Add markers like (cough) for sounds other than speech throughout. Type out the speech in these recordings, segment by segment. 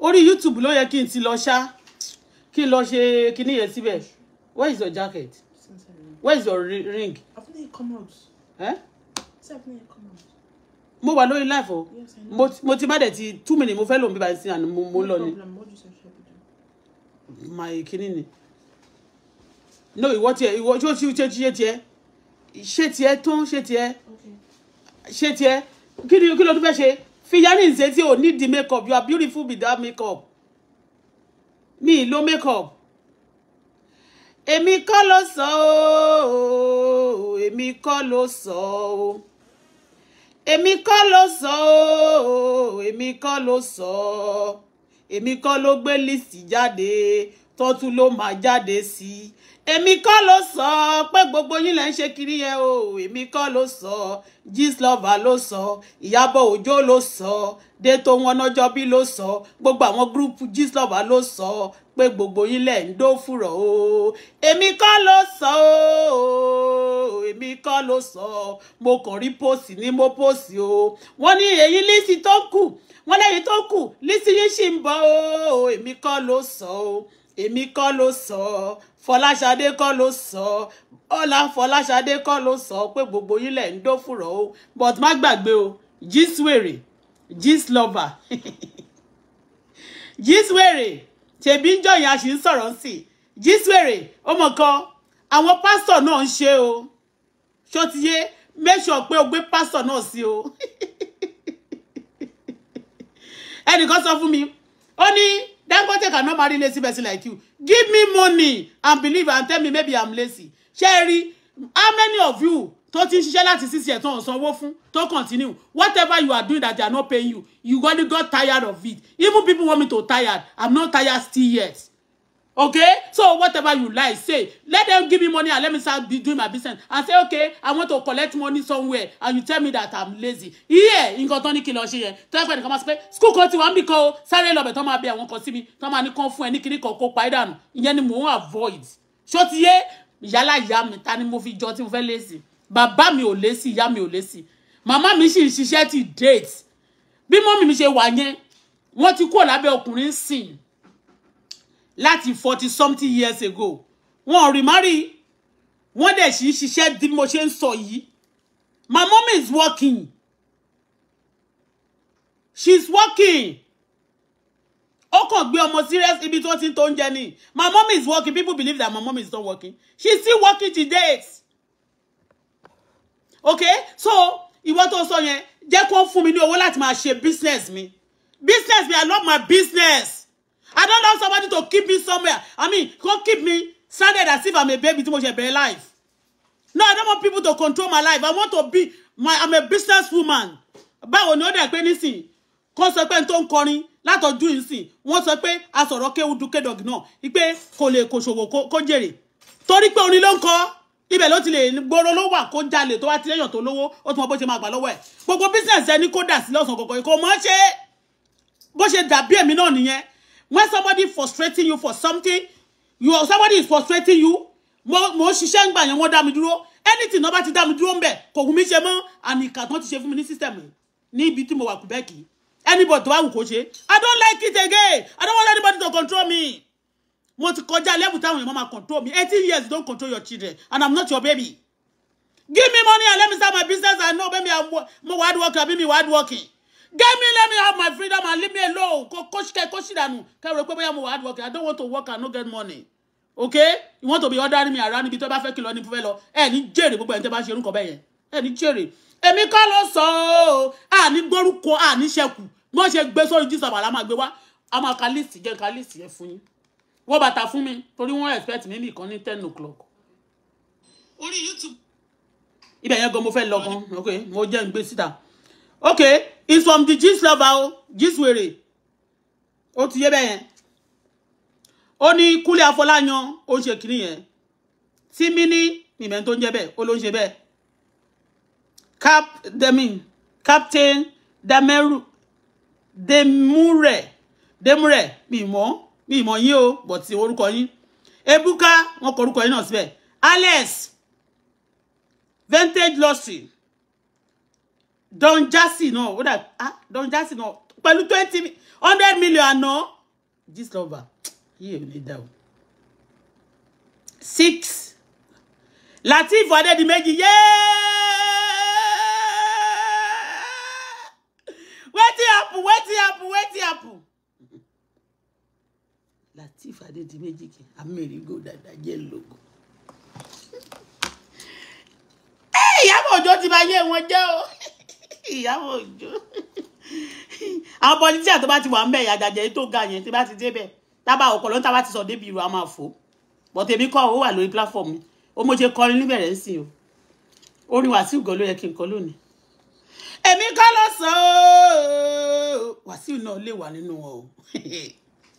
orí youtube ló yẹ kí n ti lọ ṣá kí n lọ ṣe kíní yẹn síbẹ̀ where is your jacket where is your ring. àfihàn yìí come out. ẹ́ ṣé àfihàn yìí out. mo wà lórí life o mo ti má dẹ̀ ti two minutes mo fẹ́ lòun bí ba sí àná mo ń lọ ni my kíní ni no ìwọ tiẹ̀ ìwọ tí ó ti ṣe tiẹ̀ tiẹ̀ ṣe tiẹ̀ tán ṣe tiẹ̀ ṣe tiẹ̀ kí ni kí ló tún fẹ́ ṣe. Fiyanin ṣe tí o need the makeup you are beautiful without makeup Me, no makeup èmi kọ́ ló sọ o èmi kọ́ ló sọ o èmi kọ́ ló sọ o èmi kọ́ ló sọ èmi kọ́ ló gbé lísì jáde tọ́tún ló máa èmi kọ́ ló sọ pé gbogbo yín lẹ́ ń ṣe kiri yẹn o èmi kọ́ ló sọ gíslọ́và ló sọ ìyábọ̀ òjó ló sọ dètò wọn lọ́jọ́ bí ló sọ gbogbo àwọn gúrúùpù gíslọ́và ló sọ pé gbogbo yín lẹ́ ń dó fúrọ̀ o èmi kọ́ ló sọ o èmi kọ́ ló sọ mo kàn rí póòsì ní mo póòsì o wọ́n ní èyí lísì tó kù wọ́n lẹ́yìn tó kù lísì yín sì ń bọ̀ o èmi kọ́ ló sọ o èmi kọ́ ló sọ ọ́ fọláṣadé kọ́ ló sọ ọ́ ọlá fọláṣadé kọ́ ló sọ pé gbogbo yín lẹ̀ ń dófùrọ̀ o but má gbàgbé o jíswèrè jíslọ́bà jíswèrè ṣèbí ń jọyìn àṣì ń sọ̀rọ̀ sí jíswèrè ó mọ̀ kan àwọn pásítọ̀ náà ń ṣe o ṣó ti make sure pé o gbé pásítọ̀ náà sí o (laughs) ẹnìkan sọ fún mi ó ní. Dangote cannot marry lazy person like you give me money and believe and tell me maybe i'm lazy ṣé how many of you tó ti ń ṣiṣẹ́ láti six years tó ń continue whatever you are doing that they are not paying you you gonna got tired of it even people want me to tired i'm not tired still yet Okay? So whatever you like, say, let them give me money and let me start be doing my business. And say, okay, I want to collect money somewhere. And you tell me that I'm lazy. Yeah, in tó ní kí n lọ ṣe Tell me come ask school kan ti wà níbi kan o. Sáré lọ bẹ̀ tán máa bí àwọn kan síbi. Tán máa ní kán fún ẹ ní kíní kan kó pa é dànù. Ìyẹn ni mò ń avoid. Ṣó ti yé ìyálà ìyá mi ta ni mo fi jọ tí mo fẹ́ lésì. Bàbá mi ò lésì, ìyá mi ò lésì. Màmá mi sì ń ṣiṣẹ́ ti date. Bí mọ́mì mi ṣe wà yẹn, wọ́n ti láti forty something years ago wọn ò remarry wọn dẹ̀ sì ń ṣiṣẹ́ bí mo ṣe ń sọ yìí my mom is working she is working ó kàn gbé ọmọ serious ibi tó ti ń tó ń ni my mom is working people believe that my mom is not working she is still working today. okay so ìwọ tó sọ yẹn jẹ́ kó fún mi ní owó láti máa ṣe business mi business mi i love my business I don't love somebody to keep me somewhere. I mean, go keep me stranded as if I'm a baby too much ṣe bẹ̀rẹ̀ life. No, I don't want people to control my life. I want to be my I'm a business woman. Báwo ni ó dẹ̀ pé nísìn? Kó sọ pé n tó ń kọrin látọ̀jú ìsìn. Wọ́n sọ pé asọ̀rọ̀ kéwu du kédọ̀gì náà. Ipe kò lè kò ṣòwò kó jèrè. Torí pé orin ló ń kọ́. Ibẹ̀ ló ti lè gbóró ló wà kó jalè tó wá ti lẹ́yìn tó lówó. Ó ti mọ bó ṣe máa gbà go ẹ̀. Gbogbo bísíǹsì ẹni kó dà go go. án kọ̀ọ̀kan. Kò mọ̀ ṣe bó ṣe dàbí èmi náà nìyẹn when somebody frustrating you for something you or somebody is frustrating you mo mo ṣiṣẹ́ ń gbà yẹn wọ́n mi dúró anything náà bá ti dá mi dúró ń bẹ̀ kò wù mí ṣe mọ́ àmì ti ṣe fún mi ní system Ni ní ibi tí mo wà kùbẹ́ẹ̀kì anybody tó bá wù kó ṣe i don't like it again i don't want anybody to control me mo ti kọjá level táwọn èèyàn máa control me 18 years don't control your children and i'm not your baby give me money and let me start my business i know baby i'm mo hard working abi me hard working Get me, let me have my freedom and leave me alone. Go coach ke coach dànù. Ke rò pé bóyá mo hard work. I don't want to work and not get money. Okay? You want to be ordering me around ibi tó bá fẹ́ kí lọ ní fẹ́ lọ. Ẹ ní jèrè gbogbo en tẹ́ bá ṣe run ko bẹ́ẹ̀ yẹn. Ẹ ní jèrè. Èmi kọ́ ló sọ o. A ní gbórúkọ, a ní ṣẹ́kù. Mo ṣe gbé sórí Jesus bala ma gbé wá. A ma ka list je ka list yẹn fún yín. Wọ bàtà fún mi torí wọ́n expect mi ní kan ní 10 o'clock. Orí YouTube. Ibẹ̀ yẹn go mo fẹ́ lọ gan. Okay, mo jẹ́ n gbé Okay it's from the gist lover o gist wèrè ó ti yé bẹ́yẹn ó ní Kúnlé Afọláyan ó ń ṣe kiri yẹn tí mini nìmẹ̀ tó ń jẹ́ bẹ́ẹ̀ ó ló ń ṣe bẹ́ẹ̀ cap demin captain dameru demure demure mi mọ̀ mi mọ̀ yín o bọ̀ tí orúkọ yín ebuka wọn kọ orúkọ yín náà síbẹ̀ alex vintage lottery don jasi náà ó dà ah don jasi náà pẹ̀lú twenty hundred million àná gist lover yìí ò ní dá o six latif adédìméjì yéé wetin happen wetin happen wetin happen latif adédìméjì kì amẹ́rìngò dada jẹ́ lógo. ìyàbọ̀ ọjọ́ ti bá yé wọn jẹ́ o ìyàwó òjò àwọn pọlitíà tó bá ti wà ń bẹ̀ ìyàjàjẹ tó ga yẹn tí bá ti débẹ̀ tábà ọ̀pọ̀ lọ́n tábà ti sọ débi ìrù a máa fò bọ̀tẹ̀ mi kọ́ ó wà lórí platform mi ó mo ṣe kọrin níbẹ̀rẹ̀ sí o orin Wàsíù gan ló yẹ kí n kọ lónìí èmi kọ́ ló sọ ọ́ Wàsíù náà lè wà nínú wọn o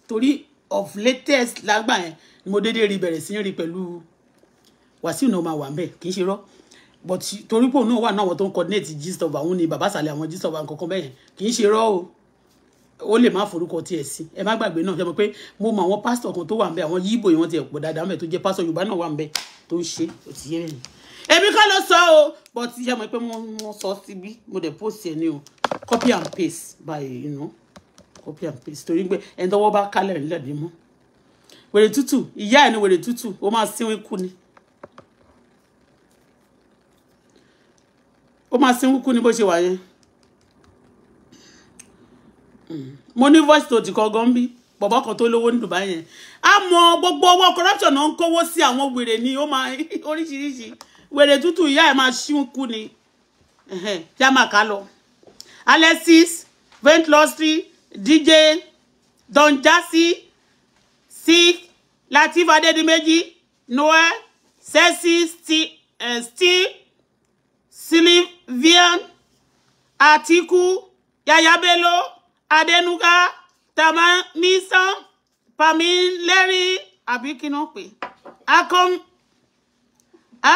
torí of latest lágbà yẹn ni mo déédéé rí bẹ̀rẹ̀ sí rí pẹ̀lú Wàsíù náà máa wà ń bẹ̀ kì í ṣe rọ́ but torí pò náà wà náà àwọn tó ń coordinate gist of àwọn ni bàbá sàlẹ̀ àwọn gist of àwọn kankan bẹ́yẹn kì í ṣe rọ́ o ó lè má forúkọ tiẹ̀ sí ẹ má gbàgbé náà jẹ́mọ̀ pé mo mọ àwọn pásítọ̀ kan tó wà ń bẹ àwọn yíbò ìwọ̀n ti ẹ̀ pọ̀ dáadáa ń bẹ tó jẹ́ pásítọ̀ yorùbá náà wà ń bẹ tó ń ṣe ó ti yé ẹ̀yìn. èmi kọ́ ló sọ o but jẹ́mọ̀ pé mo sọ síbí mo dẹ̀ post ẹ̀ ní o copy and paste by you know copy and paste torí pé ẹni tọ́wọ́ bá kálẹ̀ nílẹ̀ ní mú. wèrè tútù ìyá ẹ̀ ni wèrè tútù ó máa sínwín kú ni ó máa sin kúkú ní bó ṣe wà yẹn mo ní voice tó ti kọ gan bí bọ̀bọ̀ kan tó lówó ní Dubai yẹn a mọ gbogbo owó corruption náà ń kówó sí àwọn wèrè ni ó máa (laughs) oríṣiríṣi wèrè tútù ìyá ẹ̀ máa ṣíun kú ni jámàká lọ Alexis ventlustry DJ Don Jazzy Sick Lateef Adédìméjì Noel sexy eh, still Sylvian Atiku Yaya Adenuga Tamanisan Pamileri àbí kí náà pè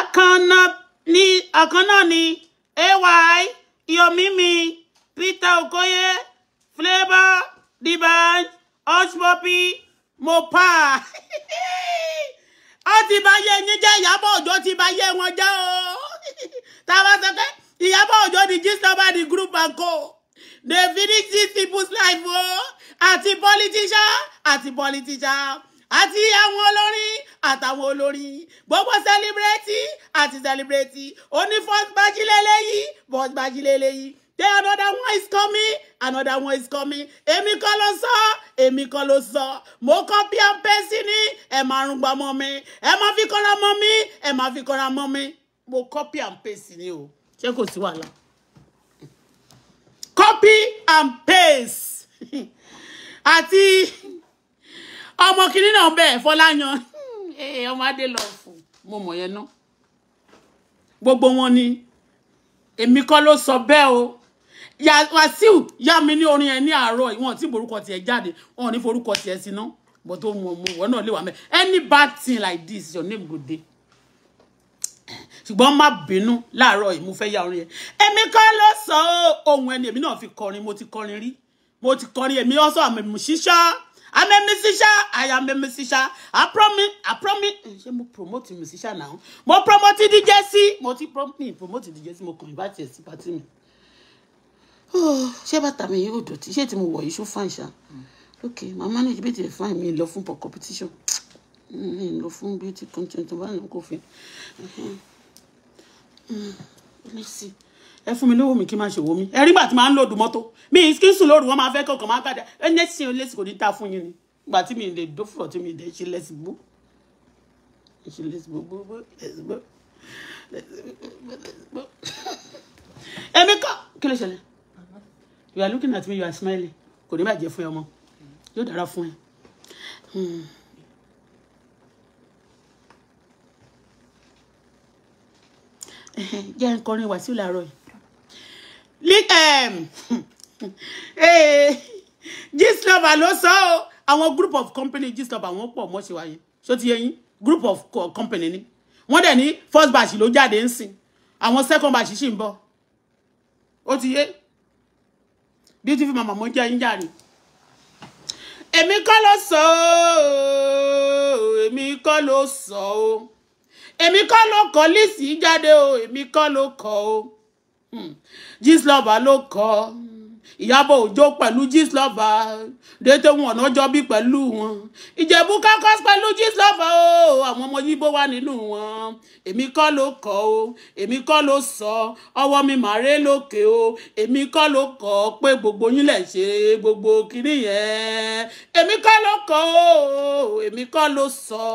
àkànnà ni ay Iyomimi Peter Okoye Flavor D'banj Hushpuppi Mopa Ati (laughs) Baye bá yé yín jẹ́ Ìyábọ̀ Òjó ti bá yé wọn o (laughs) táwa sọ pé Ìyábọ̀ Òjó ni gist over the group and co dey finish these people's life o àti politician àti politician àti àwọn olórin àtàwọn olórin gbogbo sẹlẹbírẹtì àti sẹlẹbírẹtì oní first gbajúlẹ lẹ́yìn first gbajúlẹ lẹ́yìn then another one is coming another one is coming èmi kọ́ ló sọ èmi kọ́ ló sọ mo kọ́ bí ọ̀pẹ́ sí ni ẹ̀ máa rún gbọmọ mi ẹ̀ máa fi kọ́ra mọ́ mi ẹ̀ máa fi kọ́ra mọ́ mi mo copy and paste ni o ṣé kò sí wàhálà copy and paste àti ọmọ kìnínní náà bẹ́ẹ̀ fọláyan ọmọ adé lọ fún mo mọ̀ yẹn náà gbogbo wọn ni èmi kọ́ ló sọ bẹ́ẹ̀ o wàsíù yá mi ní orin ẹ ní àárọ̀ ìwọ̀n tí forúkọ tiẹ̀ jáde wọn ò ní forúkọ tiẹ̀ sí náà bọ́ tó mọ̀ mọ̀ wọ́n náà lè wà mẹ́ any bad thing like this your name go dey ṣùgbọ́n má bínú láàárọ̀ yìí mo fẹ́ ya orin yẹn èmi kọ́ ló sọ ohun ẹni èmi náà fi kọrin mo ti kọrin rí mo ti kọrin èmi also àmẹ̀mí ṣíṣá àmẹ̀mí ṣíṣá àyà àmẹ̀mí ṣíṣá àpromi àpromi ṣé mo promote mi ṣíṣá náà mo promote DJ sí mo ti promote DJ sí mo kàn bá tiẹ̀ sí pàtí mi oh, ṣé bàtà mi yóò dọ̀tí ṣé tí mo wọ̀ yìí ṣó fáìn ṣá hmm. ok màmá ní ìbí tiẹ̀ fáìn mi lọ fún competition mi lò fún beauty content tó bá nù kò fi lẹ́sìn ẹ fún mi lówó mi kí n máa ṣe wo mi ẹ rí gbà tí máa ń lòdù mọ́tò mi kí n sùn lóru wọn máa fẹ́ kọ̀ọ̀kan máa gbàdá ẹ lẹ́sìn olóṣì kò ní ta fún yín ni gbà tí mi lè dófùrọ̀ tí mi lè ṣe lẹ́sìn bó ṣe lẹ́sìn bó bó bó lẹ́sìn bó lẹ́sìn bó. èmi kọ́ kí ló ṣẹlẹ̀ you are looking at me you are smiling kò ní bàjẹ́ fún ẹ ọmọ yóò dára fún ẹ. Hmm. (laughs) jẹ́ nkọrin wàsíù làárọ̀ yìí (laughs) eh, gistlover ló sọ ọ́ àwọn group of company gistlover àwọn pọ̀ mọ́ ṣe wáyé ṣó ti yẹ yín group of company ni wọ́n dẹ̀ ní first batch ló jáde ń sìn àwọn second batch sì ń bọ̀ ó ti yé beautiful mama mo jẹ́ yín jàre èmi kọ́ ló sọ ọ́ èmi kọ́ ló sọ ọ́ èmi kọ́ ló kọ Lizzy jáde o èmi kọ́ ló kọ o hmm. Gistlover ló kọ hmm. Ìyábọ̀ Òjó pẹ̀lú Gistlover déédéé wọn ọ̀nà jọ bí pẹ̀lú wọn Ìjẹ̀bú Kakọ́s pẹ̀lú Gistlover o àwọn ọmọ yíbó wà nínú wọn èmi kọ́ ló kọ o èmi kọ́ ló sọ ọwọ́ mi màré lókè o èmi kọ́ ló kọ pé gbogbo yín lẹ̀ ṣe gbogbo kiri yẹn èmi kọ́ ló kọ o èmi kọ́ ló sọ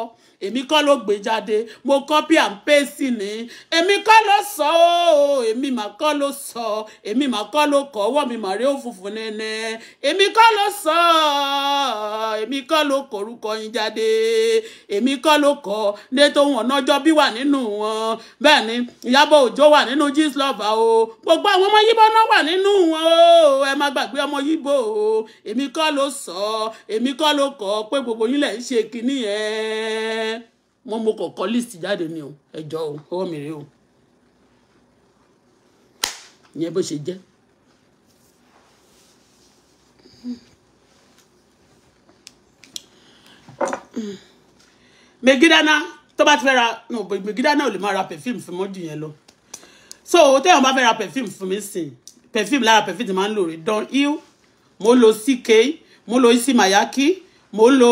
èmi kọ́ ló gbé jáde mo copy and paste ní èmi kọ́ ló sọ ọ́ èmi mà kọ́ ló sọ èmi mà kọ́ ló kọ́ ọwọ́ mi mà rí òfùfùn nẹ́nẹ́ èmi kọ́ ló sọ ọ́ èmi kọ́ ló kọ̀rúkọ yín jáde èmi kọ́ ló kọ́ ní tóun ọ̀nàjọ́ bí wà nínú wọn bẹ́ẹ̀ ni Ìyábọ̀ Òjó wà nínú gist lover o gbogbo àwọn ọmọ yíbọn náà wà nínú wọn o ẹ má gbàgbé ọmọ yíbọ o èmi kọ́ ló sọ èmi kọ́ ló kọ́ pé gbogbo yín lẹ̀ ṣe kinní yẹn wọ́n mo kọ̀ọ̀kan list jáde ni o ẹjọ́ o ọwọ́ mi rèé o ìyẹn bó ṣe jẹ́. megidana tó bá ti fẹ́ ra no megidana ò lè máa ra perfume fún mọ́dì yẹn lọ so téèyàn bá fẹ́ ra perfume fún mi sìn perfume lára perfume ti máa ń lò rí don hill mo lo ck mo lo isi mayaki mo lo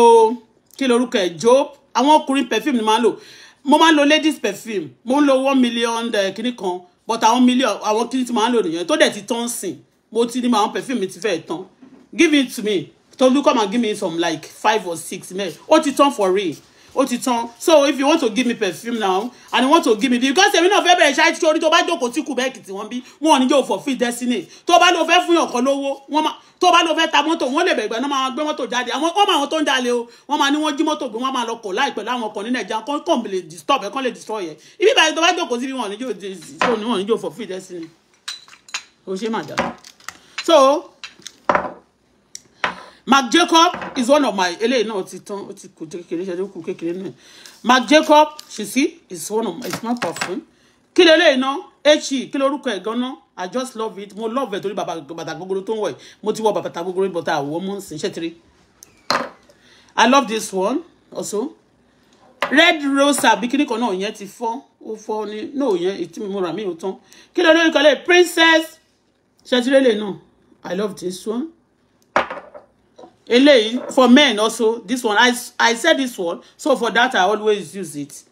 kí lorúkọ ẹ job àwọn ọkùnrin perfume ni máa ń lò mo máa ń lo ladies perfume mo ń lo one million eh, kìíní kan but àwọn million àwọn kìíní tí máa ń lò nìyẹn tó dẹ̀ ti tán sìn mo ti ní àwọn perfume mi ti fẹ́ tán give it to me Tolu come and give me some like five or six mẹ́rin ó ti tán for real ó ti tán so if you want to give me perfume now and you want to give me because èmi náà fẹ́ bẹ̀rẹ̀ ṣáà tí orí tó bá jókòó tí Quebec tí wọ́n bí wọn ò ní yóò fulfill destiny tó bá lọ fẹ́ fún yàn kan lówó wọ́n máa tó bá lọ fẹ́ ta mọ́tò wọ́n lè bẹ̀rẹ̀ gbà náà máa gbé mọ́tò jáde àwọn ọmọ àwọn tó ń jalè o wọ́n máa ní wọ́n jí mọ́tò gbé wọ́n máa lọ kọ̀ láì pẹ̀lú ọkọ̀ ní Nàìjíríà kọ́ destroy ẹ̀ ibi ìbàdàn tó bá jókòó síbi wọn ò ní yóò destiny o so mark jacob is one of my eléyìí náà ti tán ó ti kù kékeré ṣe kù kékeré náà mark jacob she see is one of my small perfume kí lè eléyìí náà he kí lórúkọ ẹ̀ gan-an i just love it mo love ẹ̀ torí bàtà gogoro tó ń wọ̀ ẹ̀ mo ti wọ bàtà gogoro bọ́tà àwọ̀ mọ́ sí ṣẹ́ tiri i love this one also red rose àbí kíní kan náà yẹn ti fọ́ ó fọ́ ní náà yẹn ètí mo rà mí ò tán kí lè lórúkọ lè princess ṣẹ́ tiri lè náà i love this one eléyìí for men also this one i i sell this one so for that i always use it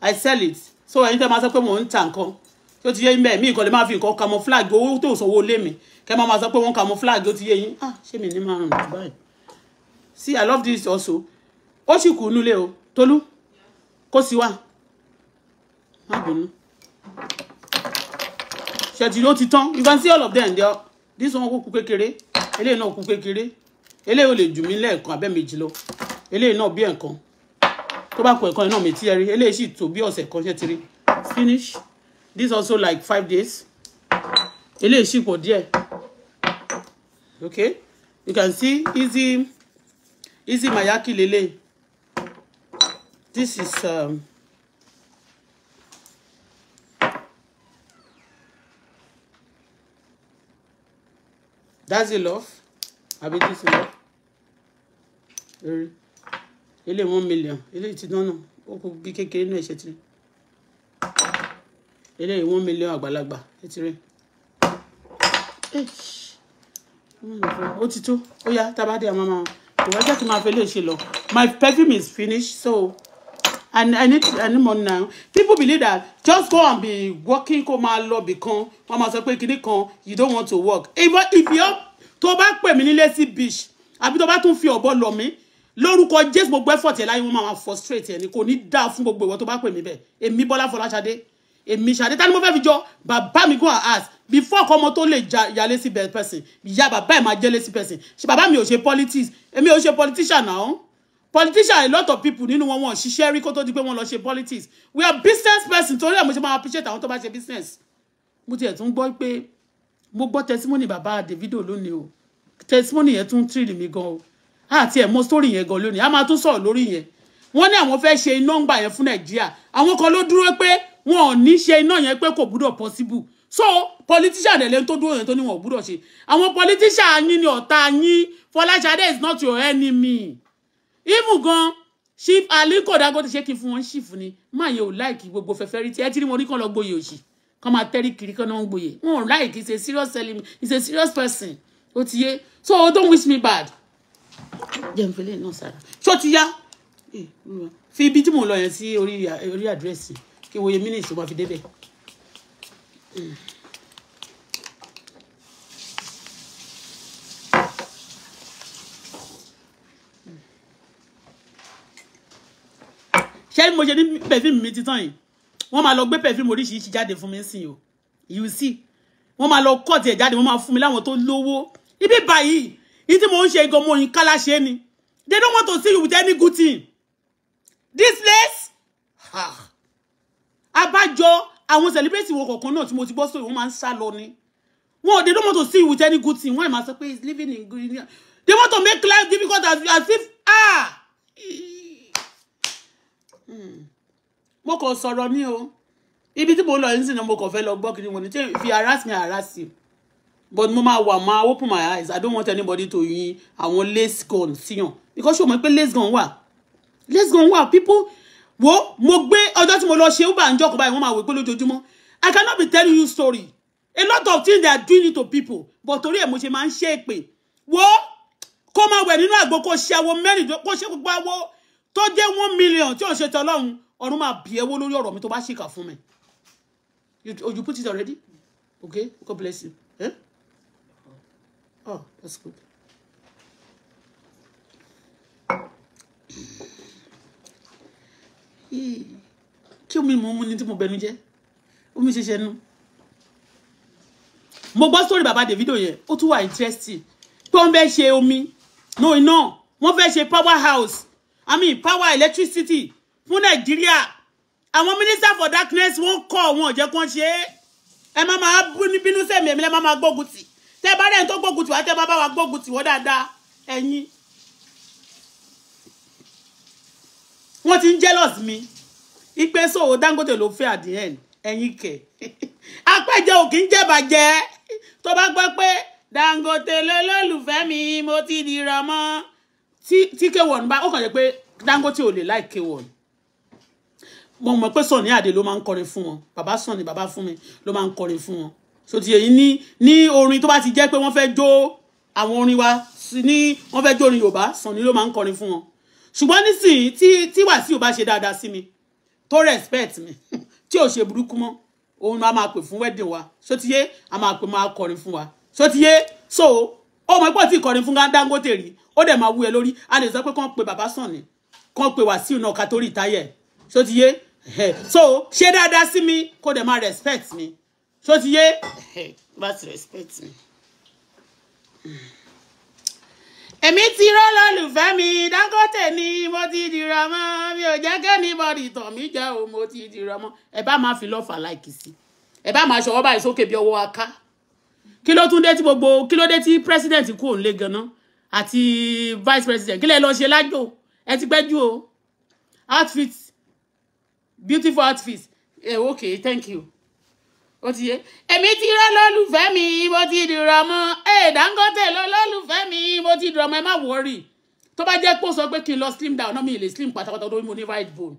i sell it so ẹni tẹ́ máa sọ pé mò ń ta nǹkan tí ó ti yé yín bẹ́ẹ̀ mí ìkọ́lé máa fi nǹkan camouflage owó tó sanwó lé mi kẹ́ máa máa sọ pé wọ́n camouflage ó ti yé yín ah ṣé mi ní máa rìn báyìí see i love this also ó sì kù nulẹ̀ o tolú kó sì wà má bínú ṣètìlú ó ti tán you can see all of them there this one kó kú kékeré eléyìí náà kú kékeré. Ele ò lè jù mí lẹ́ẹ̀kan abẹ́ méjì lọ eléyìí náà bí ẹ̀kan tó bá kọ ẹ̀kan náà mi tí ẹ rí eléyìí sì tó bí kan ṣe ti rí finish this also like five days Ele sì pọ̀ díẹ̀ okay you can see easy easy mayaki lele this is. Um, That's it, love àbí tí ti lọ ilé one million ilé ti dáná ó bí kékeré náà ṣe ti rí ilé one million àgbàlagbà ẹ ti rí ó ti tó ó yá tábàdé àwọn ọmọ kò jẹ́ kí n máa fẹ́ lè ṣe lọ my perfume is finished so and I need I need money now. People believe that just go and be working kó máa lọ bìkan. Wọ́n máa sọ pé kinní you don't want to work. Even if you're tó bá pè mí ní lazy bitch àbí tó bá tún fi ọ̀bọ lọ̀ mí lórúkọ Jésù gbogbo effort ẹ̀ láyé wọn máa frustrate ẹ̀ ni kò ní dáa fún gbogbo ìwọ tó bá pè mí bẹ́ẹ̀ èmi Bọ́lá Fọláṣadé èmi ṣàdé tani mo fẹ́ fi jọ bàbá mi go ask before ọkọ ọmọ tó lè ya lazy person ìyá bàbá ẹ̀ máa jẹ́ lazy person ṣe bàbá mi ò ṣe politics èmi ò ṣe politician náà politician a lot of people nínú wọn wọn ṣiṣẹ́ rí kó tó di pé wọ́n lọ ṣe politics we are business person torí ẹ̀ mo ṣe máa appreciate àwọn tó bá ṣe business mo tiẹ̀ tún gbọ́ pé mo gbọ́ testimony bàbá Davido lónìí o testimony yẹn tún tírì mi gan o àti ẹ̀ mọ story yẹn gan lónìí a máa tún sọ̀rọ̀ lórí yẹn wọ́n ní àwọn fẹ́ ṣe iná ń gbà yẹn fún Nàìjíríà àwọn kan ló dúró pé wọn ò ní ṣe iná yẹn pé kò gbúdọ̀ possible so politician dẹ̀ lẹ́nu tó dúró yẹn tó ní wọn ò gbúdọ̀ ṣe àwọn politician yín ni ọ̀tá yín Fọláṣadé is not your enemy even gan chief Aliko Dangote ṣé kí n fún wọn ṣìfù ni máa yẹ ò láìkí gbogbo fẹfẹ rí tí ẹ ti rí wọn oníkan lọ òṣì kán máa tẹ́rí kiri kán náà ń gboyè wọn ò láì kì serious element he a serious person ó ti yé so don't wish me bad jẹ́nfẹ́lẹ́ náà sára ṣó ti yá eh, fi ibi tí mò ń lọ yẹn sí orí àdírẹ́sì kí wòye mínítì tó bá fi débẹ̀. Eh. Hmm. ṣé mo ṣe ní pẹ̀fíìmù mi ti tán yìí wọ́n máa lọ gbé perfume oríṣiríṣi jáde fún mi ń sìn o you see wọ́n máa lọ kọ́ọ̀tì ẹ̀ jáde wọ́n máa fún mi láwọn tó lówó ibi báyìí ní tí mò ń ṣe gan mo yín kálàṣe ni they don't want to see you with any good thing this place abájọ àwọn celebrity wọn kọ̀ọ̀kan náà tí mo ti gbọ́ sórí wọn máa ń sá lọ ni wọn they don't want to see you with any good thing wọn ì máa sọ pé he's living in good they want to make life difficult as, as if ah. Mm mo kàn sọ̀rọ̀ ní o ibi tí mo lọ yìí sì ni mo kàn fẹ́ lọ gbọ́ kiri mo ní fi harass me harass you but mo máa wà máa open my eyes i don't want anybody to yin àwọn lace gun síyàn because ṣé o mọ̀ pé lace gun wà lace gun wà people wo mo gbé ọjọ́ tí mo lọ ṣe uber njọ́ kó báyìí máa wò pé lójoojúmọ́ i cannot be telling you story a lot of things they are doing it to people but torí ẹ̀ mo ṣe máa ń ṣe èpè wo kó máa wẹ̀ nínú àgbo kó ṣe àwo mẹ́rin kó ṣe gbogbo àwo tó jẹ́ one million tí ò ṣe tọ́lọ́run ọ̀run máa bí ẹwọ́ lórí ọ̀rọ̀ mi tó bá ṣìkà fún mi you, oh, you put it already okay God bless you eh? oh that's good. kí omi mò ń mu ni tí mo bẹnu jẹ omi ṣẹṣẹ nu mo gbọ́ sórí bàbá Davido yẹn ó tún wà interesting pé wọ́n fẹ́ ṣe omi no iná wọ́n fẹ́ ṣe power house i mean power electricity fún nàìjíríà àwọn minister for darkness wọ́n kọ́ wọn ò jẹ́ kí wọ́n ṣe é ẹ má máa bínú sẹ́mi ẹ̀mí lẹ́ má máa gbógun tì tẹ́ bá rẹ̀ tó gbógun tì wá tẹ́ bá bá wa gbógun tì wọ́n dáadáa ẹ̀yin wọ́n ti ń jealous mi ipe so dangote ló fẹ́ at the end ẹ̀yin kẹ̀ (laughs) apẹ́jẹ ò kì í jẹ́bàjẹ́ tó bá gbọ́ pé dangote lọ́lọ́lùfẹ́ mi mo ti dìrọ̀ mọ́ tí kéwọ̀n bá ó kàn jẹ́ pé dangote ò lè láì kéwọ̀n mo mọ̀ pé Sunny Adé ló máa ń kọrin fún wọn bàbá Sunny bàbá fún mi ló máa ń kọrin fún wọn so ti èyí ní ní orin tó bá ti jẹ́ pé wọ́n fẹ́ jó àwọn orin wa ní wọ́n fẹ́ jó orin Yorùbá Sunny ló máa ń kọrin fún wọn ṣùgbọ́n nísìnyí tí tí Wàsíù bá ṣe dáadáa sí mi tó respect mi (laughs) tí ò ṣe burúkú mọ́ òun máa máa pè fún wedding wa so ti yé a máa pè máa kọrin fún wa so ti yé so ó mọ̀ pọ̀ tí ìkọrin fún Dangote rí ó dẹ̀ máa wú ẹ lórí a lè sọ pé kán pe bàbá Sunny kán pe Wàsíù náà ká tó rí táyẹ̀ so ti yé so ṣe dáadáa sí mi kó dẹ̀ máa respect mi tó ti yé bá ti respect mi. èmi ti rọ́ lọ́lùfẹ́ mi Dangote ni mo ti dìrọ̀ mọ́ mi ò jẹ́ kẹ́nìbọ̀dì tàn mí jẹ́ o mo ti dìrọ̀ mọ́ ẹ bá máa fi lọ́fà láìkì sí ẹ bá máa ṣọwọ́ báyìí sókè bí ọwọ́ aká kí ló tún dé tí gbogbo kí ló dé tí president kú òun ganan àti vice president kí lè lọ ṣe lájò ẹ ti gbẹ́jú o outfit beautiful outfit eh, okay thank you ó ti yé èmi ti rán lólùfẹ́ mi mo ti dìrọ̀ mọ́ Eh, Dangote ló lólùfẹ́ mi mo ti dìrọ̀ mọ́ ẹ má wọrí tó bá jẹ́ pé ó sọ pé kí slim down náà mi lè slim pátápátá torí mo ní right bone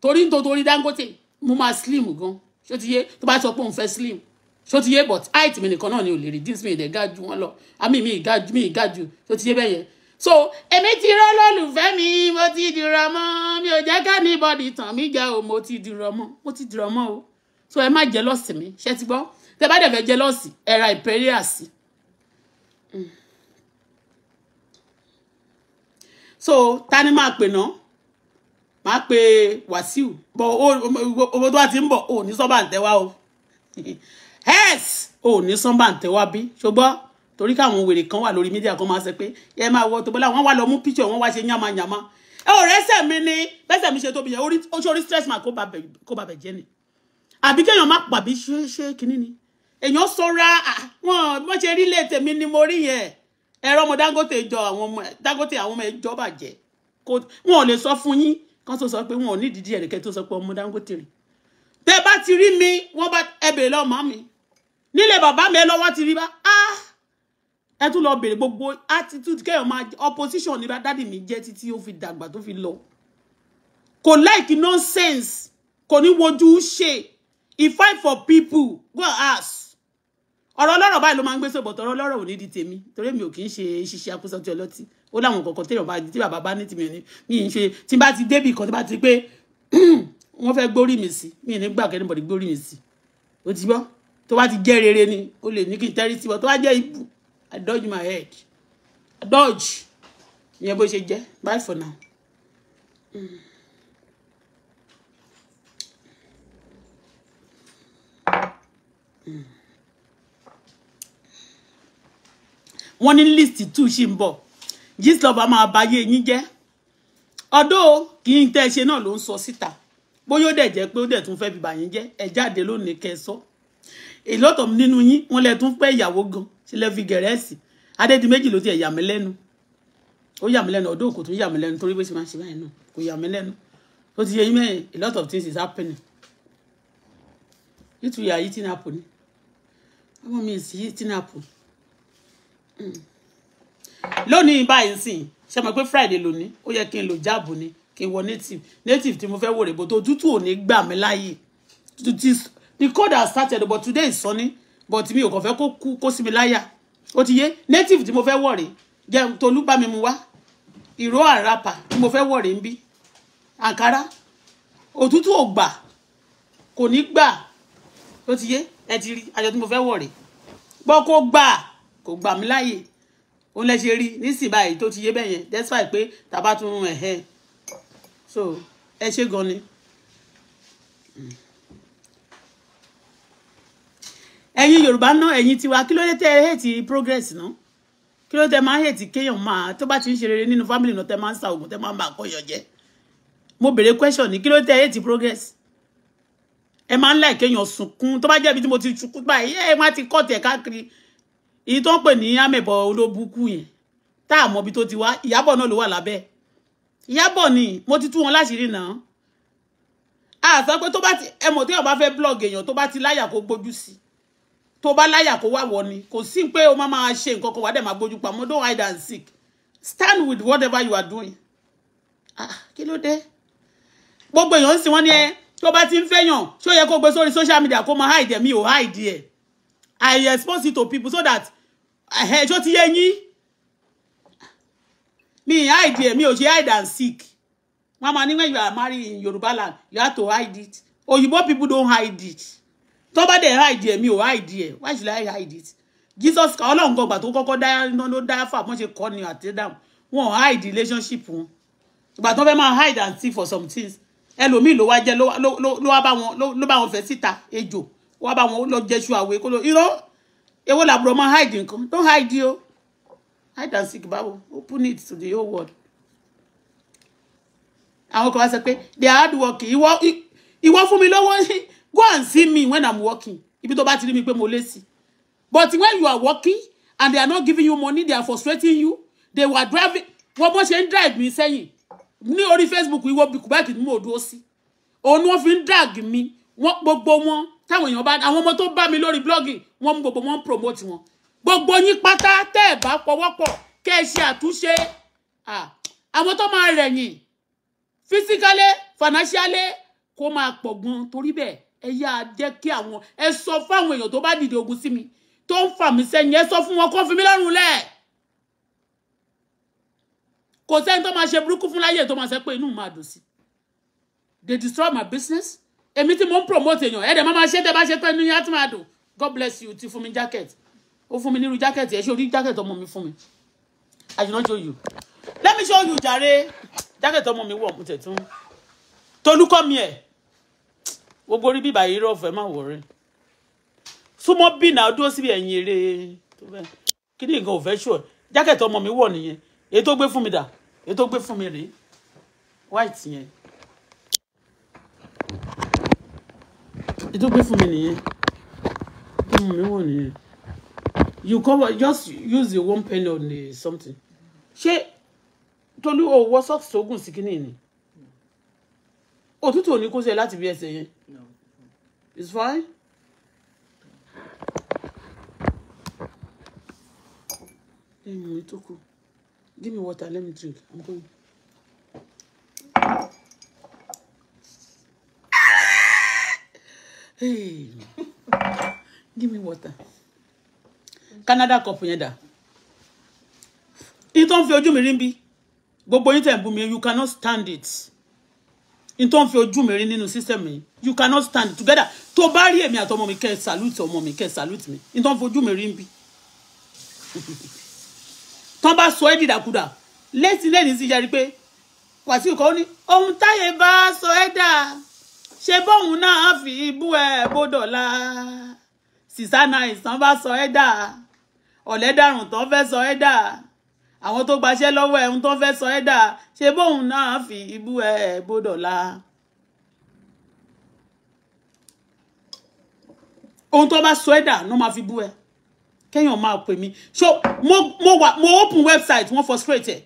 torí nítorí Dangote mo máa slim gan ṣó ti yé tó bá sọ pé òun fẹ́ slim ṣó ti yé but height mi nìkan náà ni ò lè rí jeans mi ìdẹ̀ ga ju wọn lọ àmì ah, mi ìga ju mi ìga ju ṣó ti yé bẹ́yẹn so èmi ti rán lólùfẹ́ mi mo ti dìrọ̀ mọ́ mi ò jẹ́ ká ní bọ́dì tàn mí jẹ́ o mo ti dìrọ̀ mọ́ mo ti dìrọ̀ mọ́ o so ẹ má jẹ́ lọ́sì mi ṣé ti gbọ́ tẹ bá dẹ̀ fẹ́ jẹ́ lọ́sì ẹ ra ìpẹ́rẹ́ àsì. Mm. so ta ni máa pè ná máa pe Wàsíù bọ owó tó bá ti ń bọ̀ ò ní sọ́bà ń tẹ́wá o (laughs) yes ò ní sọ́bà ń tẹ́wá bí ṣùgbọ́n torí káwọn wèrè kan wà lórí mídíà kan máa ṣe pé ẹ máa wọ tó bọ́lá wọn wá lọ mú píṣọ wọn wá ṣe yánmayànmá ẹ ò rẹ́sẹ̀ mi ni bẹ́sẹ̀ mi ṣe tóbi yẹn oṣù orí stress ma kó bàbẹ̀ jẹ́ ni àbí kéèyàn má pàbí ṣe ṣe kínní ni èèyàn sọra wọn bó ṣe rí lè tèmi ni mo rí yẹn ẹ̀rọ ọmọ Dangote jọ àwọn ọmọ Dangote àwọn ọmọ ẹjọ́ bàjẹ́ wọn ò lè sọ fún yín kan tó sọ pé wọn ò ní ìdídí ẹ̀rẹ̀kẹ́ tó sọ pé ọmọ Dangote rìn tẹ bá ti rí mi wọn bá ẹ bèrè lọ́ọ́ mọ́ mi nílé bàbá mi ẹ lọ́wọ́ ti rí bá ah ẹ tún lọ bèrè gbogbo attitude kéèyàn máa opposition ní dádì mi jẹ́ títí ó fi dàgbà tó fi lọ kò like nonsense kò ní wojú ṣe he fight for people go ask ọ̀rọ̀ ọlọ́rọ̀ báyìí ló máa ń gbé sọ̀bọ̀tọ̀ ọ̀rọ̀ ọlọ́rọ̀ ò ní di tèmi torí mi ò kì í ṣe ṣiṣẹ́ akúsọ ti ọlọ́tí ó láwọn kọ̀ọ̀kan téèyàn bá di tí bàbá bá ní tìmí ní mi ì ṣe tí bá ti débì kan tí bá ti pé (clears throat) wọ́n fẹ́ gbórí mi sí mi ì ní gbà kẹ́ni bọ̀dì gbórí mi sí ó ti gbọ́ tó bá ti jẹ́ rere ni o lè ní kí n tẹ́rí sí wọn tó bá jẹ́ ibù I dodge my head. I dodge. Ìyẹn bó ṣe Bye for now. Mm. Mm. wọ́n ní list two ṣì ń bọ̀ Gistlover máa bayé Although King ọdọ́ kì í tẹ́ ṣe náà ló ń sọ síta bóyá ó dẹ̀ jẹ́ pé ó dẹ̀ tún fẹ́ bìbà yín jẹ́ ẹ jáde lónìí kẹ́ ẹ sọ èlọ́tọ̀ nínú ṣe lẹ́ fi gẹ̀rẹ́sì adédìméjì ló ti ẹ̀ yà mí lẹ́nu ó yà mí lẹ́nu ọdún òkú tó yà mí lẹ́nu torí pé ṣe máa ń ṣe báyìí náà kò yà mí ti yẹ yín mẹ́rin a lot of things is happening nítorí àyí tí nàpò ni ọmọ mi sì yí tí nàpò lónìí báyìí sìn ṣe mọ̀ friday lónìí ó yẹ kí lo lò jáàbù ni kí n native native tí mo fẹ́ wò rè bó tó tútù ò ní gbà mí láàyè the cold has started but today is sunny but mi ò kàn fẹ́ kó kú kó sí mi láyà ó ti yé native tí mo fẹ́ wọ̀ rèé jẹ́ tolú bá mi mu wá ìró àràpà tí mo fẹ́ wọ̀ rèé ń bí àǹkárá òtútù ò gbà kò ní gbà ó ti yé ẹ ti rí aṣọ tí mo fẹ́ wọ̀ rèé gbọ́ kó gbà kò gbà mí láyè òun lẹ ṣe rí nísìnyí báyìí tó ti yé bẹ́ẹ̀ yẹn despite pé tàbá tún ẹ̀hẹ́ so ẹ ṣe gan ni. Mm. ẹ̀yin yorùbá náà ẹ̀yin tiwa kí ló dé tẹ́ hate progress náà kí ló tẹ́ máa hate kéèyàn máa tó bá ti ń ṣe rere nínú family náà tẹ́ máa ń sa oògùn tẹ́ máa ń bá àkọyàn jẹ mo béèrè question ni kí ló tẹ́ hate progress ẹ máa ń láì kéèyàn sunkún tó bá jẹ́ ibi tí mo ti sunkún báyìí ẹ máa ti kọ́ tẹ̀ káàkiri èyí tó ń pè ní amẹ̀bọ̀ olóbùkù yẹn tá a mọ̀ ibi tó ti wá ìyábọ̀ náà ló wà lábẹ́ ìyábọ̀ ni mo ti tú wọn láṣìírí náà a sọ pé tó bá ti ẹ tí wọn bá fẹ́ blog èèyàn tó bá ti láyà kó gbójú sí i tó bá láyà kó wá wọ ni kò sí pé o máa máa ṣe nǹkan kan wà dẹ̀ máa gbójú pamọ́ don't hide and seek stand with whatever you are doing ah kilo de? dé gbogbo èèyàn ń sìn wọ́n ní ẹ tó bá ti ń fẹ́yàn ṣó yẹ kó social media kó máa hide mi ò hide ẹ̀ I expose it to people so that ẹ̀ ṣó ti yé yín mi hide ẹ̀ mi ò ṣe hide and seek Mama, máa when you are married in Yorùbá land you have to hide it òyìnbó people don't hide it tó bá dẹ̀ hide ẹ̀ mi ò hide ẹ̀ why should I hide it Jesus ọlọ́run gbọ̀ngbà tó kọ́kọ́ dá iná ló dá fà mọ́ ṣe kọ́ ni àtẹ́dàm wọn ò hide relationship wọn ìgbà tó fẹ́ máa hide and see for some things ẹlòmíì ló wá jẹ́ ló wá bá wọn ló bá wọn fẹ́ síta ejò wá bá wọn lọ jẹ́ṣu àwẹ̀ kó lọ irọ́ èwo làbúrò máa hide nǹkan don't hide o hide and seek báwo open it to the whole world àwọn kan wá sọ pé they are hard working ìwọ ìwọ fún mi lọ́wọ́ go and see me when i'm working ibi tó bá ti rí mi pé mo lé but when you are working and they are not giving you money they are frustrating you they were driving wọ́n bó ṣe ń drive mi sẹ́yìn ní orí facebook ìwọ bíkúbáàkì ni mo dúró sí òun ni wọ́n fi ń drag mi wọ́n gbogbo wọn táwọn èèyàn bá àwọn ọmọ tó bá mi lórí blọ́ọ̀gì wọ́n mú gbogbo wọn promote wọn gbogbo yín pátá tẹ́ ẹ̀ bá pọwọ́pọ̀ kẹ́ ẹ ṣe àtúnṣe àwọn tó máa rẹ̀yìn physically financially kó máa pọ̀ gan torí bẹ́ẹ̀ ẹ yáa jẹ́ kí àwọn ẹ sọ fáwọn èèyàn tó bá dìde ogun sí mi tó ń fà mí sẹ́yìn ẹ sọ fún wọn kó fi mí lọ́rùn lẹ̀ kò sẹ́ni tó máa ṣe burúkú fún láyé tó máa sẹ́ pé inú máa dùn sí they destroy my business èmi tí mo ń promote èèyàn ẹ̀ẹ́dẹ̀ máa ṣe tẹ́ bá ṣe pé inú yẹn á ti máa dùn god bless you ti fún mi jacket ó fún mi nírú jacket ẹ̀ ṣe orí jacket ọmọ mi fún mi I do not show you let me show you jàre jacket ọmọ mi wọ̀ mo tẹ̀ tún tolúkọ́ mi ẹ̀ gbogbo orí bíbá yìí rọ̀ fẹ́ má wọ̀rẹ́ súnmọ́ bí náà dúró síbi ẹ̀yìn eré tó bẹ́ẹ̀ kí ni nǹkan ò fẹ́ ṣù ẹ̀ jákẹ́tì ọmọ mi wọ̀ nìyẹn èyí tó gbé fún mi dà èyí tó gbé fún mi rèé white yẹn èyí tó gbé fún mi nìyẹn ọmọ mi wọ̀ nìyẹn you cover just use the one penny on the something ṣé tolú ò wọ socks tó gùn sí kínní ni òtútù ò ní kó sí ẹ láti bí ẹsẹ̀ yẹn it's fine. lẹ́yìn orí tó give me water let me drink i'm going. Hey. give me water. Canada cup yẹn dà. ìtàn fi ojú mi rí bí gbogbo yín tẹ̀ ń mi you cannot stand it in tó ń fi ojú mi rí nínú system yìí you cannot stand together tó bá rí èmi àtọmọ mi kẹ́ salute ọmọ mi kẹ́ salute mi in tó ń fojú mi rí ń bí (laughs) tán bá sọ ẹ́ dìdàkudà lẹ́sìn lẹ́yìn sí yẹri pé wàsíù kan ó ní ohun táyé bá sọ ẹ́ dà ṣe bóun náà fi ibú ẹ̀ bódọ̀la sísá náà ìsàn bá sọ ẹ́ dà ọ̀lẹ́dàrùn tán fẹ́ sọ ẹ́ dà àwọn tó gbaṣẹ́ lọ́wọ́ ẹ̀hún tó fẹ́ sọ ẹ́ dà ṣe bóun náà fi ibú ẹ̀ bódọ̀la. ohun tó bá sọ ẹ́ dà ló máa fi bú ẹ kéèyàn máa pè mí so mo mo wà mo open website wọ́n frustrate ẹ̀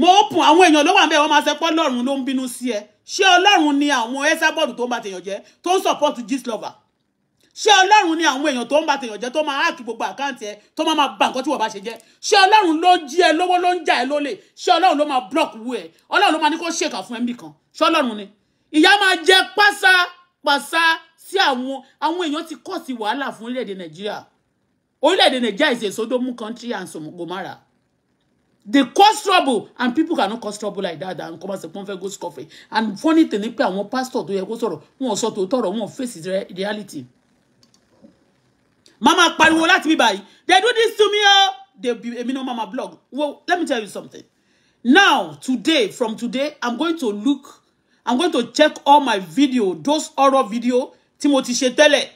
mo open àwọn èèyàn ló wà ń bẹ̀ wọ́n máa ṣe pọ́ lọ́rùn ló ń bínú sí ẹ ṣé ọlọ́run ni àwọn ẹ́sà bọ́ọ̀lù tó ń bá tèèyàn jẹ́ tó ń support gist lover ṣé ọlọ́run ni àwọn èèyàn tó ń ba tèèyàn jẹ́ tó máa háàkì gbogbo àkáǹtì ẹ tó máa máa ba nǹkan tí wọ́n bá ṣe jẹ́ ṣé ọlọ́run ló ń jí ẹ lówó ló ń jà ẹ lólè ṣé ọlọ́run ló máa block wú ẹ ọlọ́run ló máa ní kó ṣèkà fún ẹ̀mí kan ṣé ọlọ́run ni ìyá máa jẹ pásá pásá sí àwọn àwọn èèyàn ti kọ́ sí wàhálà fún orílẹ̀-èdè nàìjíríà orílẹ̀-èdè nàìjíríà is a sodomu country and some gomara they cause trouble and people cannot cause trouble like that and come as a pọ́nfẹ́ go scoffing and funny thing ni pé àwọn pastor tó yẹ kó sọ̀rọ̀ wọn ò sọ tòótọ́ ọ̀rọ̀ wọn ò face reality màá máa pariwo láti bí báyìí they do this to me oh! they be èmi náà mama blog well let me tell you something now today from today i'm going to look i'm going to check all my video those horror video tí mo ti ṣe tẹ́lẹ̀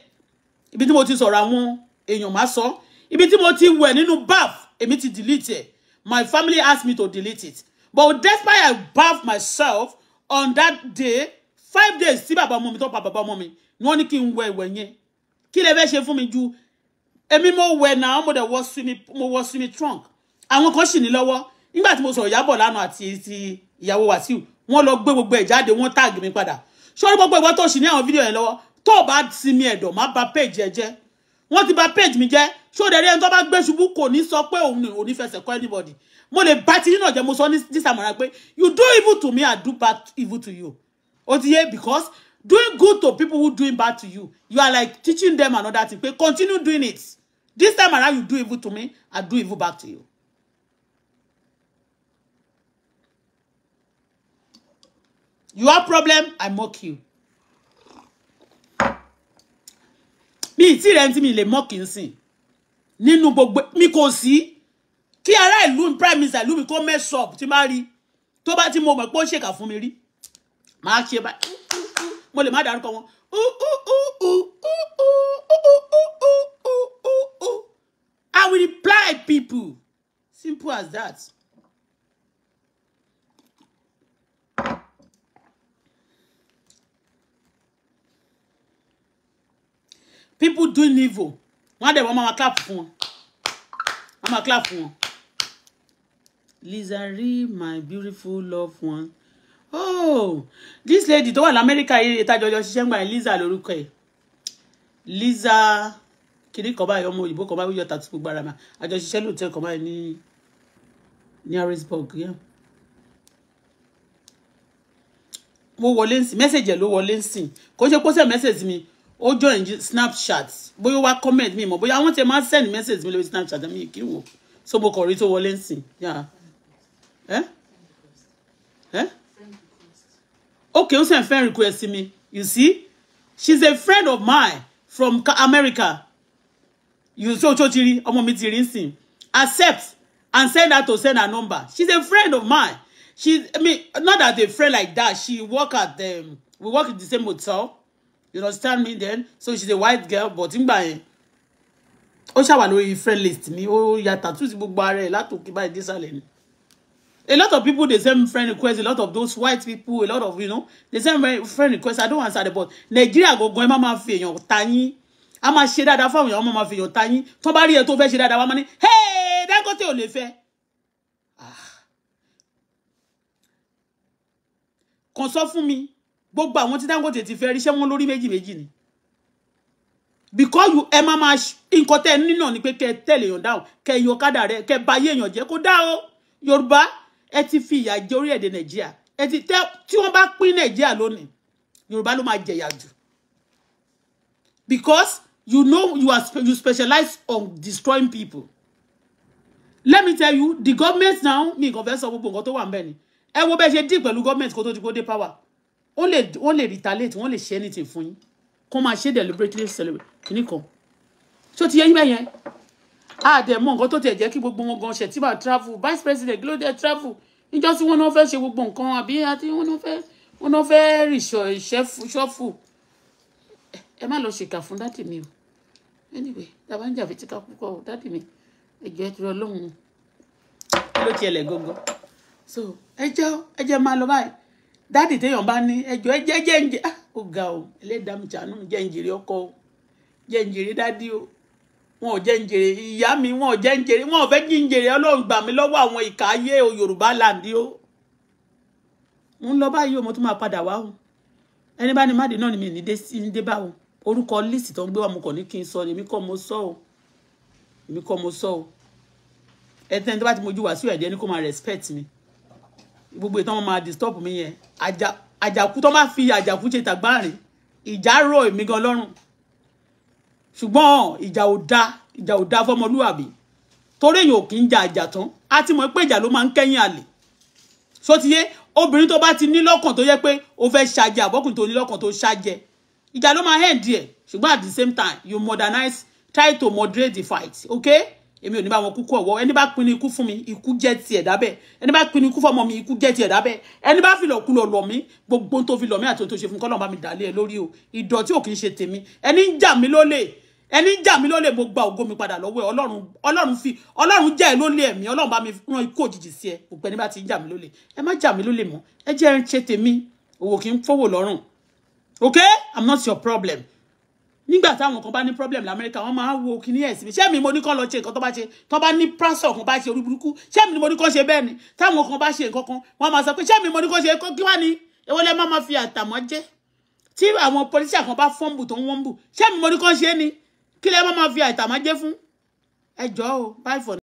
ibi tí mo ti sọ̀rọ̀ àwọn èèyàn máa ibi tí mo ti bath èmi ti delete ẹ̀ my family asked me to delete it but despite i bath myself on that day five days tí bàbá ọmọ to tó pa bàbá ọmọ mi ni wọ́n ní kí n wẹ̀ ìwẹ̀ yẹn ju èmi mo wẹ̀ náà mo dẹ̀ wọ swimming mo wọ swimming trunk àwọn kan sì ní lọ́wọ́ nígbà tí mo sọ̀rọ̀ Ìyábọ̀ lánàá àti ti ìyàwó Wàsíù wọ́n lọ gbé gbogbo ẹ̀ jáde wọ́n táàgì mi padà sọ́rí gbogbo ìwọ tó sì ní àwọn fídíò yẹn lọ́wọ́ tó o bá sinmi ẹ̀dọ̀ má bà page ẹ jẹ́ wọ́n ti bà page mi jẹ́ sódẹ̀rí ẹni tó bá gbé ṣubú kò ní sọ pé òun ò ní fẹsẹ̀ kọ́ anybody mo lè bá ti nínú ọ̀jẹ̀ mo sọ ní dísàmọ́ra pé you do evil to me I do bad evil to you ó ti yé because doing good to people who doing bad to you you are like teaching them another thing pé continue doing it This time around, you do evil to me, I do evil back to you. You have problem, I mock you. Me, ti rẹ̀ me le lè mock nsìn. Nínú gbogbo mi kò sí. Kí ará ìlú prime minister ìlú mi kó mess up ti máa rí. Tó ti mo mọ̀ pé ó ṣèkà fún mi rí. Màá ṣe báyìí. Mo lè má dárúkọ wọn. I will reply, people. Simple as that. People do evil. One day, wọ́n máa clap fún wọn. Wọ́n clap fún wọn. Lizari, my beautiful loved one. Oh, this lady tó wà l'Amẹ́ríkà yìí ìtajọ́jọ́ ṣiṣẹ́ ń gbà Liza lórúkọ ẹ̀. Liza kíní kan báyìí ọmọ òyìnbó kan báyìí yọ tàtú gbogbo ara mà àjọṣiṣẹ́ lóòótọ́ kan báyìí ní ní harrisburg yẹn. mo wọlé ń sìn mẹ́sẹ̀jì ẹ̀ ló wọlé ń sìn kò ṣe pósẹ̀ mẹ́sẹ̀jì mi ó join snapchat bóyá wá comment mi mọ̀ bóyá wọ́n ti máa send message mi lórí snapchat mi kí n wò so mo kàn rí tó wọlé ń sìn yàrá ẹ́ ẹ́ okay ó send friend request mi you see she's a friend of mine from America you so so ti rí ọmọ mi ti rí ń accept and send her to send her number she's a friend of mine she i mean not that a friend like that she work at the um, we work in the same hotel you understand me then so she's a white girl but ngbà yẹn ó ṣàwà lórí friend list mi ó ya tattoo sí gbogbo ara ẹ̀ látòkè báyìí désàlẹ̀ ni a lot of people dey send friend request a lot of those white people a lot of you know dey send friend request i don't answer the but nigeria go go má máa fi èèyàn ta a máa ṣe dáadáa fáwọn èèyàn wọn máa fi yàn ta yín tó bá rí ẹ tó fẹ́ ṣe dáadáa wọn máa ní hey Dangote ò lè fẹ́ ah. kàn sọ fún mi gbogbo àwọn tí Dangote ti fẹ́ ríṣẹ́ wọn lórí méjì méjì ni because you ẹ máa máa nǹkan tẹ́ ẹ nínà ni pé kẹ́ ẹ tẹ̀lé èèyàn dáhùn kẹ́ ẹ yọ kádà rẹ kẹ́ ẹ bà ayé èèyàn jẹ́ kó dá o Yorùbá ẹ ti fi ìyà jẹ orílẹ̀-èdè Nàìjíríà ẹ ti tẹ́ tí wọ́n bá pín Nàìjíríà lónìí Yorùbá ló máa jẹ̀yà because you know you are you specialize on destroying people let me tell you the government now me nǹkan fẹ́ sọ gbogbo nǹkan tó wà ń deep ni the government kó tó ti power Only only retaliate only share anything fún yín kó máa ṣe deliberately celebrate kìíní kan ṣó ti yẹ yín bẹ́yẹn àdẹ̀mọ́ nǹkan tó tiẹ̀ jẹ́ kí gbogbo wọn gan ṣètìmọ̀ travel vice president kí ló dé travel níjọ́ tí wọ́n náà fẹ́ ṣe gbogbo nǹkan àbí one wọ́n náà fẹ́ wọ́n náà fẹ́ rìn ṣọ́ọ̀fù ẹ má lọ ṣèkà fún dádì mi o anyway tá a bá ń jà fìtíkà púpọ̀ o dádì mi ẹjọ́ ẹ ti rọ lóhùn ló ti ẹlẹ̀ gógó so ẹjọ́ ẹjẹ́ máa lọ báyìí dádì téèyàn bá ní ẹjọ́ ẹjẹ́ jẹ́ǹjẹ́ ah ó ga o ẹlẹ́dàá mi jàánú jẹ́ǹjẹ̀rẹ́ ọkọ o jẹ́ǹjẹ̀rẹ́ dádì o wọn ò jẹ́ǹjẹ̀rẹ́ ìyá mi wọn ò jẹ́ǹjẹ̀rẹ́ wọn ò fẹ́ jíǹjẹ̀rẹ́ ọlọ́run gbà mí lọ́wọ́ àwọn ìkà ayé o Yorùbá làǹdí o mo ń lọ báyìí o mo tún máa padà wá o ẹni bá ní má dé náà ni mi ní dé bá o orúkọ list tó ń gbé wa mo kàn ní kí n sọ ni èmi kọ́ mo sọ o èmi kọ́ mo sọ o ẹtẹni tó bá ti mojú wá sí ẹ̀dẹ́ ni kó máa respect mi gbogbo ìtàn máa disturb mi yẹn àjàkú tó máa fi àjàkú ṣe tàgbáàrin ìjà rọ èmi gan lọ́rùn ṣùgbọ́n ìjà ò da ìjà ò da fọmọlúwàbí torí èèyàn ò kì í ja àjà tán á ti mọ̀ pé ìjà ló máa ń kẹ́yìn àlè sotiye obìnrin tó bá ti ní lọ́kàn tó yẹ pé o fẹ́ ṣàjẹ àbọ́kùnrin tó ní lọ́kàn tó ṣàjẹ ìjà ló máa end ẹ̀ ṣùgbọ́n at the same time you modernize try to moderate the fight okay èmi ò ní bá wọn kúkú ọwọ́ ẹni bá pinnu ikú fún mi ikú jẹ́ tiẹ̀ dábẹ́ ẹni bá pinnu ikú fọmọ mi ikú jẹ́ tiẹ̀ dábẹ́ ẹni bá fi lọ̀kú lọ lọ mí gbogbo tó fi lọ mí àti ohun tó ṣe fún kọ́lọ́n bá mi dàlẹ́ ẹ lórí o ìdọ̀tí ò kì í ṣe tèmi ẹni ń jà mí lólè ẹni ń jà mí lólè mo gba ògo mi padà lọ́wọ́ ẹ ọlọ́run ọlọ́run fi ọlọ́run jẹ́ ẹ lólè ẹ̀mí ọlọ́run bá mi rán ikú òjijì sí ẹ òpẹ́ ní bá ti ń jà mí lólè ẹ má jà mí lólè mọ́ ẹ jẹ́ ẹ ń ṣe tèmi òwò kì í fowó lọ́rùn okay i'm not your problem nígbà táwọn kan bá ní problem lamẹ́ríkà wọ́n máa wo kíní ẹ̀sìn mi ṣé mi mo ní kọ́ lọ ṣe nǹkan tó bá ṣe tó bá ní prásọ̀ kan bá ṣe orí burúkú ṣé mi ni mo ní kọ́ ṣe bẹ́ẹ̀ ni táwọn kan bá ṣe nǹkan kan wọ́n máa sọ pé ṣé mi mo ní kọ́ ṣe kí wá ni èwo lẹ má máa fi àtàmọ́ jẹ́ tí àwọn pọlísà kan bá fọ́ǹbù tó ń wọ́ǹbù ṣé mi mo ní kọ́ ṣe ni kí lẹ má máa fi àtàmọ́ jẹ́ fún ẹjọ́ o bye for